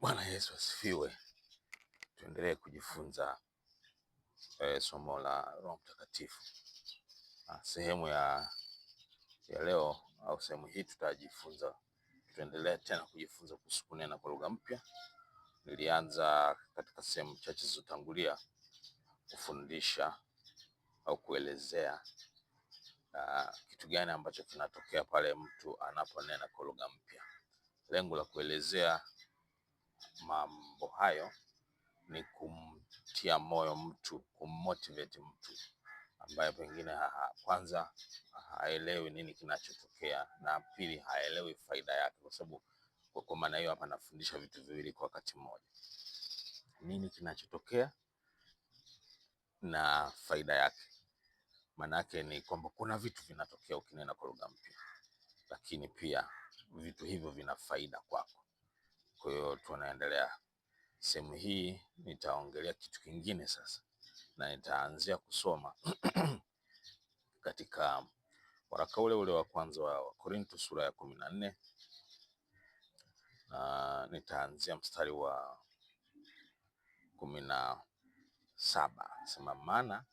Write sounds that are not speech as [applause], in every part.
Bwana Yesu asifiwe. Tuendelee kujifunza eh, somo la Roho Mtakatifu. Ah, sehemu ya, ya leo au sehemu hii tutajifunza, tutaendelea tena kujifunza kuhusu kunena kwa lugha mpya. Nilianza katika sehemu chache zilizotangulia kufundisha au kuelezea ah, kitu gani ambacho kinatokea pale mtu anaponena kwa lugha mpya. Lengo la kuelezea mambo hayo ni kumtia moyo mtu, kummotivate mtu ambaye pengine kwanza haelewi nini kinachotokea na pili haelewi faida yake, kwa sababu kwa maana hiyo hapa anafundisha vitu viwili kwa wakati mmoja: nini kinachotokea na faida yake. maana yake ni kwamba kuna vitu vinatokea ukinena kwa lugha mpya, lakini pia vitu hivyo vina faida kwako. Kwa hiyo tunaendelea. Sehemu hii nitaongelea kitu kingine sasa, na nitaanzia kusoma [clears throat] katika waraka ule ule wa kwanza wa Wakorintho sura ya kumi na nne na nitaanzia mstari wa kumi na saba sema, maana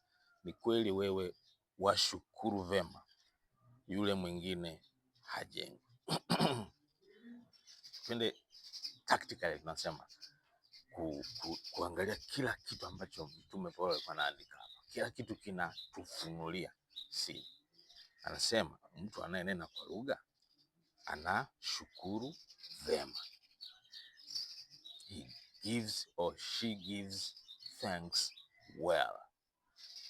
ni kweli wewe washukuru vema, yule mwingine hajengi. [clears throat] tactically tunasema ku, ku, kuangalia kila kitu ambacho Mtume Paulo alikuwa anaandika hapa, kila kitu kinatufunulia si. Anasema mtu anayenena kwa lugha anashukuru vema, he gives or she gives thanks well.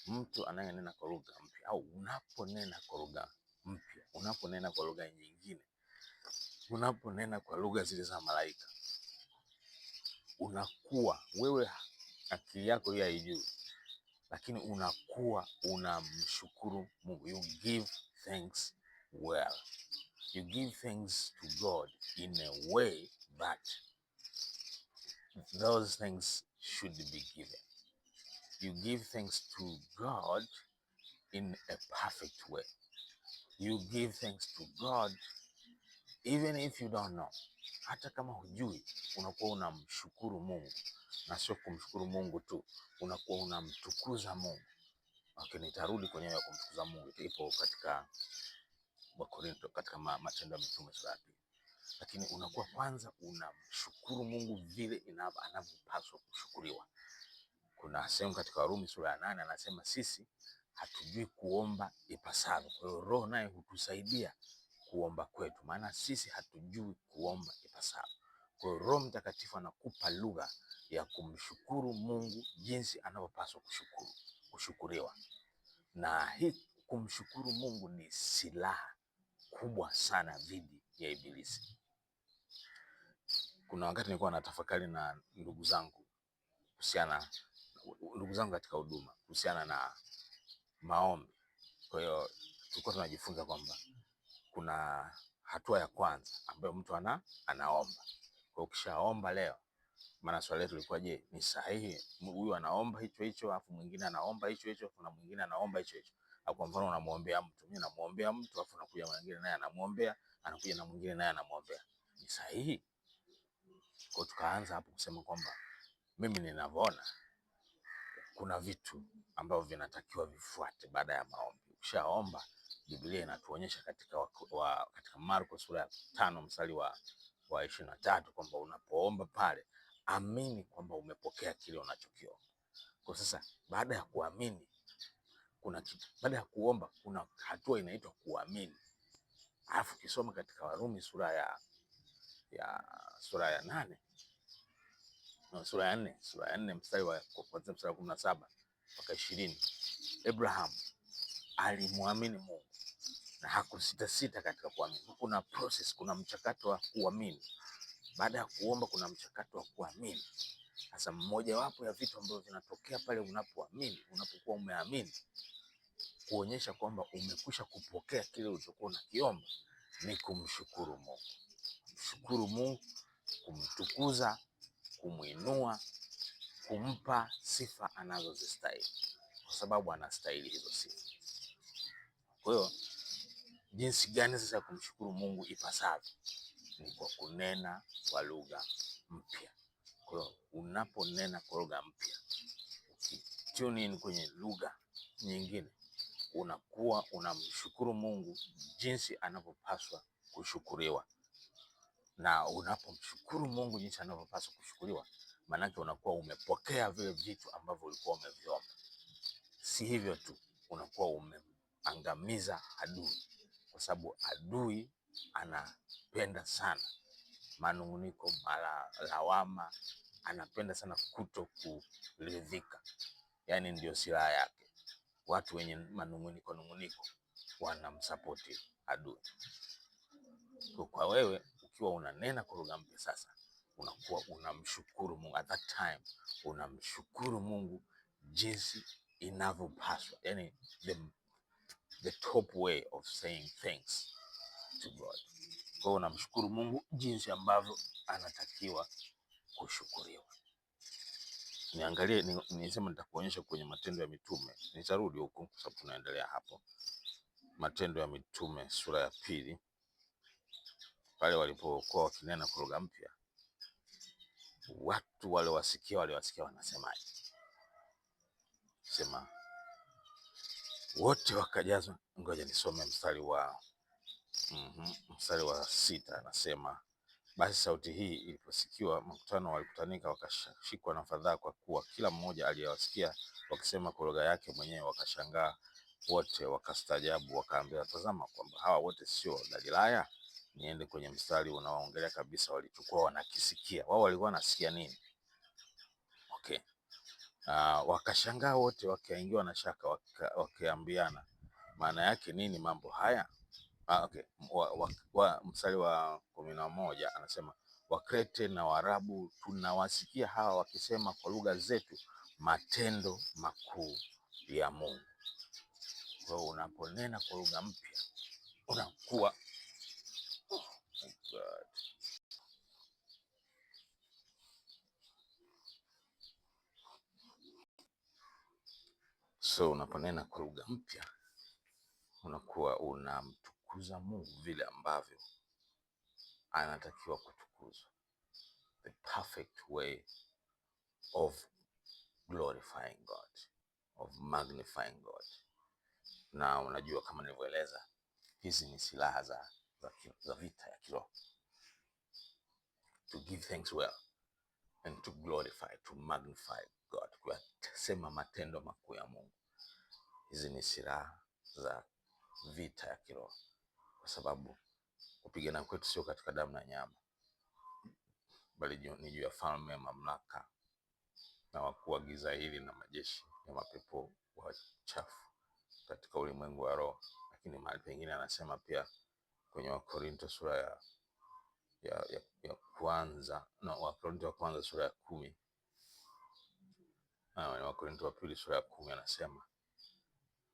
Mtu anayenena kwa lugha mpya au unaponena kwa lugha mpya, unaponena kwa lugha nyingine, unaponena kwa lugha zile za malaika unakuwa wewe, akili yako hiyo haijui, lakini unakuwa unamshukuru Mungu. You give thanks well, you give thanks to God in a way that those things should be given. You give thanks to God in a perfect way. You give thanks to God even if you don't know, hata kama hujui, unakuwa unamshukuru Mungu, na sio kumshukuru Mungu tu, unakuwa unamtukuza Mungu. Okay, nitarudi kwenye ya kumtukuza Mungu, ipo katika Wakorintho, katika Matendo ya Mitume sura ya pili, lakini unakuwa kwanza unamshukuru Mungu vile anavyopaswa kushukuriwa. Kuna sehemu katika Warumi sura ya nane anasema sisi hatujui kuomba ipasavyo, kwa hiyo Roho naye hutusaidia kuomba kwetu, maana sisi hatujui kuomba ipasavyo. Kwa hiyo Roho Mtakatifu anakupa lugha ya kumshukuru Mungu jinsi anavyopaswa kushukuru, kushukuriwa. Na hii kumshukuru Mungu ni silaha kubwa sana dhidi ya Ibilisi. Kuna wakati nilikuwa tafakari na ndugu zangu kuhusiana, ndugu zangu katika huduma, kuhusiana na maombi. Kwa hiyo tulikuwa tunajifunza kwamba kuna hatua ya kwanza ambayo mtu ana, anaomba. Kwa ukishaomba leo, maana swali letu lilikuwa je, ni sahihi huyu anaomba hicho hicho afu mwingine anaomba hicho hicho na mwingine anaomba hicho hicho. Kwa mfano unamuombea mtu, mimi namuombea mtu afu nakuja mwingine naye anamuombea, anakuja na mwingine naye anamuombea. Ni sahihi? Kwa tukaanza hapo kusema kwamba mimi ninavyoona kuna vitu ambavyo vinatakiwa vifuate baada ya maombi tukishaomba, Biblia inatuonyesha katika, wa, wa, katika Marko sura ya tano mstari wa, wa ishirini na tatu kwamba unapoomba pale amini kwamba umepokea kile unachokiomba. Kwa sasa baada ya kuamini kuna kitu, baada ya kuomba kuna hatua inaitwa kuamini. Alafu ukisoma katika Warumi sura ya, ya sura ya nane no, sura ya nne sura ya nne mstari wa kuanzia mstari wa kumi na saba mpaka ishirini Abraham alimwamini Mungu na hakusitasita katika kuamini. Kuna process, kuna mchakato wa kuamini. Baada ya kuomba, kuna mchakato wa kuamini. Sasa mmojawapo ya vitu ambavyo vinatokea pale unapoamini, unapokuwa umeamini, kuonyesha kwamba umekwisha kupokea kile ulichokuwa unakiomba, ni kumshukuru Mungu. Kumshukuru Mungu, kumtukuza, kumwinua, kumpa sifa anazozistahili, kwa sababu anastahili hizo sifa. Kwa hiyo jinsi gani sasa kumshukuru Mungu ipasavyo ni kwa kunena kwa lugha mpya. Kwa hiyo unaponena kwa lugha mpya, ukitune in kwenye lugha nyingine, unakuwa unamshukuru Mungu jinsi anavyopaswa kushukuriwa, na unapomshukuru Mungu jinsi anavyopaswa kushukuriwa, maanake unakuwa umepokea vile vitu ambavyo ulikuwa umeviomba. Si hivyo tu, unakuwa ume angamiza adui, kwa sababu adui anapenda sana manunguniko, mala lawama, anapenda sana kuto kuridhika, yaani ndio silaha yake. Watu wenye manunguniko nunguniko wanamsapoti adui. Kwa wewe ukiwa unanena kwa lugha mpya sasa unakuwa unamshukuru Mungu at that time, unamshukuru Mungu jinsi inavyopaswa, yani the the top way of saying thanks to God. Kwa hiyo namshukuru Mungu jinsi ambavyo anatakiwa kushukuriwa. Niangalie, nilisema nitakuonyesha kwenye Matendo ya Mitume, nitarudi huku kwa sababu tunaendelea hapo. Matendo ya Mitume sura ya pili pale walipokuwa wakinena kwa lugha mpya, watu waliowasikia waliwasikia wanasemaje? Sema wote wakajazwa. Ngoja nisome mstari wa mm -hmm, mstari wa sita anasema basi sauti hii iliposikiwa, makutano walikutanika, wakashikwa na fadhaa, kwa kuwa kila mmoja aliyewasikia wakisema kwa lugha yake mwenyewe. Wakashangaa wote wakastajabu wakaambia tazama, kwamba hawa wote sio Galilaya? Niende kwenye mstari unaoongelea kabisa, walichukua wanakisikia wao, walikuwa wanasikia nini? Okay, uh, wakashangaa wote, wakaingiwa na shaka, wakiambiana maana yake nini mambo haya? Ah, okay. wa, wa, wa, mstari wa kumi na moja anasema Wakrete na Waarabu tunawasikia hawa wakisema kwa lugha zetu matendo makuu ya Mungu. Kwa hiyo unaponena kwa lugha mpya unakuwa oh, So unaponena kwa lugha mpya unakuwa unamtukuza Mungu vile ambavyo anatakiwa kutukuzwa, the perfect way of glorifying God, of magnifying God. Na unajua kama nilivyoeleza, hizi ni silaha za, za, za vita ya kiroho, to give thanks well and to glorify, to magnify tukawa matendo makuu ya Mungu. Hizi ni silaha za vita ya kiroho, kwa sababu kupigana kwetu sio katika damu na nyama, bali ni juu ya falme, mamlaka na wakuu wa giza hili na majeshi ya mapepo wachafu katika ulimwengu wa roho. Lakini mahali pengine anasema pia kwenye Wakorinto sura ya, ya, ya, ya kwanza no, Wakorinto wa kwanza sura ya kumi Ah, Wakorintho wa pili sura ya kumi anasema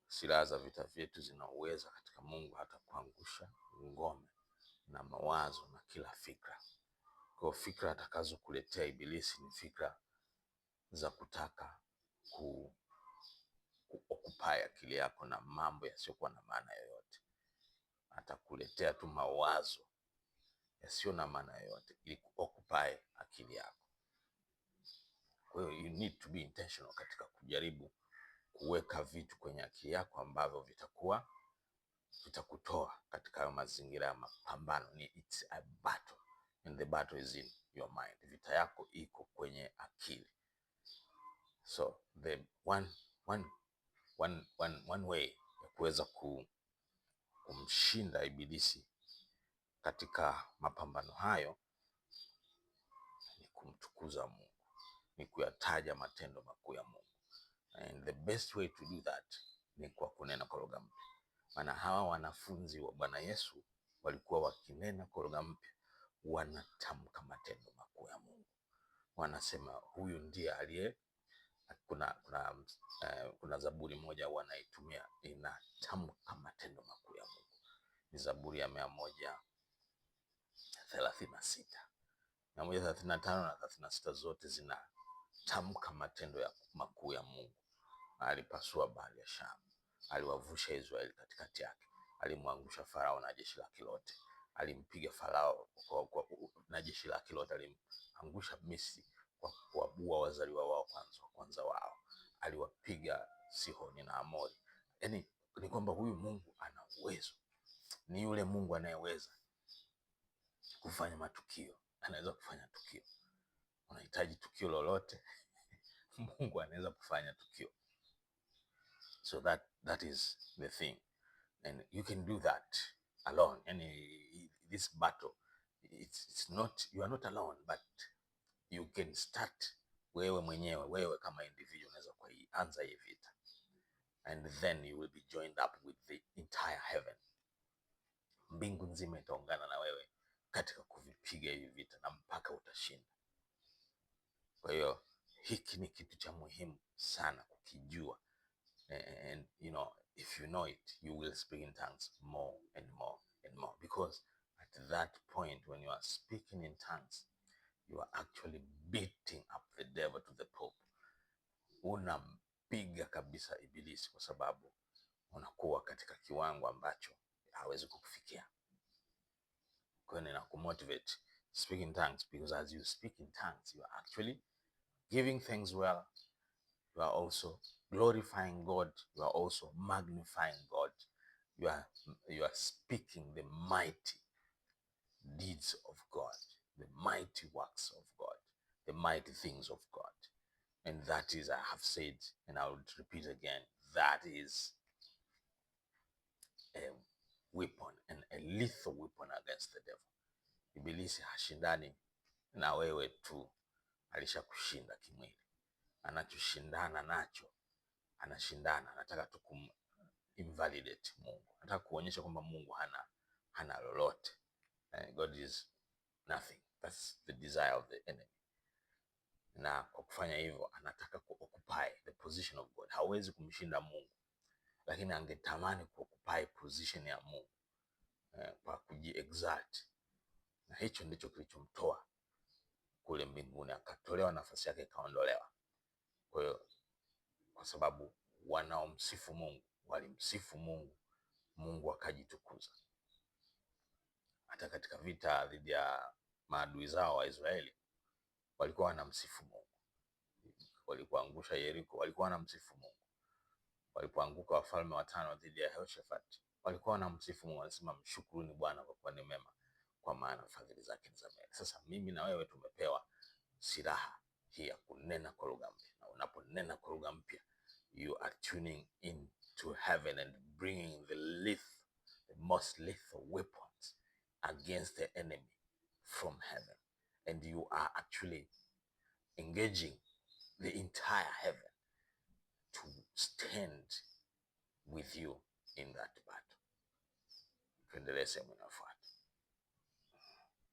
silaha za vita vyetu zina uwezo katika Mungu hata kuangusha ngome na mawazo na kila fikra. Kwa fikra atakazokuletea Ibilisi ni fikra za kutaka ku kuokupai akili yako na mambo yasiyokuwa na maana yoyote. Atakuletea tu mawazo yasiyo na maana yoyote ili kuokupai akili yako. Kwa hiyo you need to be intentional katika kujaribu kuweka vitu kwenye akili yako ambavyo vitakuwa vitakutoa katika hayo mazingira ya mapambano. Ni it's a battle and the battle is in your mind. Vita yako iko kwenye akili. So the one, one, one, one, one way ya kuweza ku, kumshinda ibilisi katika mapambano hayo ni kumtukuza Mungu ni kuyataja matendo makuu ya Mungu. And the best way to do that ni kwa kunena koroga mpya, maana hawa wanafunzi wa Bwana Yesu walikuwa wakinena koroga mpya, wanatamka matendo makuu ya Mungu, wanasema huyu ndiye aliye kuna, kuna, uh, kuna Zaburi moja wanaitumia inatamka matendo makuu ya Mungu, ni Zaburi ya mia moja thelathini na sita mia moja thelathini na tano na thelathini na sita zote zina alitamka matendo makuu ya Mungu. Alipasua bahari ya Shamu, aliwavusha Israeli katikati yake, alimwangusha Farao na jeshi lake lote, alimpiga Farao na jeshi lake lote, alimangusha Misri kwa kuwabua wazaliwa wao kwanza kwanza wao, aliwapiga Sihoni na Amori. Yani ni kwamba huyu Mungu ana uwezo, ni yule Mungu anayeweza kufanya matukio, anaweza kufanya tukio unahitaji tukio lolote [laughs] Mungu anaweza kufanya tukio. So that, that is the thing and you can do that alone. Yani this battle it's, it's not, you are not alone but you can start wewe mwenyewe, wewe kama individual unaweza kuanza hii vita and then you will be joined up with the entire heaven. Mbingu nzima itaungana na wewe katika kuvipiga hivi vita na mpaka utashinda. Kwa hiyo hiki ni kitu cha muhimu sana kukijua, and you know if you know it you will speak in tongues more and more and more because at that point when you are speaking in tongues you are actually beating up the devil to the pope unampiga kabisa Ibilisi kwa sababu unakuwa katika kiwango ambacho hawezi kukufikia. Kwa hiyo na kumotivate speaking tongues because as you speak in tongues you are actually giving things well, you are also glorifying God, you are also magnifying God. You are you are speaking the mighty deeds of God, the mighty works of God, the mighty things of God. And that is, I have said, and I would repeat again, that is a weapon and a lethal weapon against the devil. Ibilisi hashindani na wewe tu. alishakushinda kimwili. Anachoshindana nacho anashindana, anataka tu kum invalidate Mungu, anataka kuonyesha kwamba Mungu hana hana lolote. Uh, God is nothing. That's the desire of the enemy. Na kwa kufanya hivyo anataka occupy the position of God. Hawezi kumshinda Mungu, lakini angetamani occupy position ya Mungu uh, kwa kujiexalt, na hicho ndicho kilichomtoa kule mbinguni akatolewa nafasi yake ikaondolewa. Kwa hiyo kwa sababu wanaomsifu Mungu walimsifu Mungu, Mungu akajitukuza. Hata katika vita dhidi ya maadui zao Waisraeli walikuwa wanamsifu Mungu. Walipoangusha Yeriko walikuwa wanamsifu Mungu. Walipoanguka wafalme watano dhidi ya Yehoshafati walikuwa wanamsifu Mungu, wanasema mshukuruni Bwana kwa kuwa ni mema, kwa maana fadhili zake ni za mbele. Sasa mimi na wewe tumepewa silaha hii ya kunena kwa lugha mpya, na unaponena kwa lugha mpya you are tuning in to heaven and bringing the lethal, the most lethal weapons against the enemy from heaven and you are actually engaging the entire heaven to stand with you in that battle. Tuendelee sehemu inayofuata.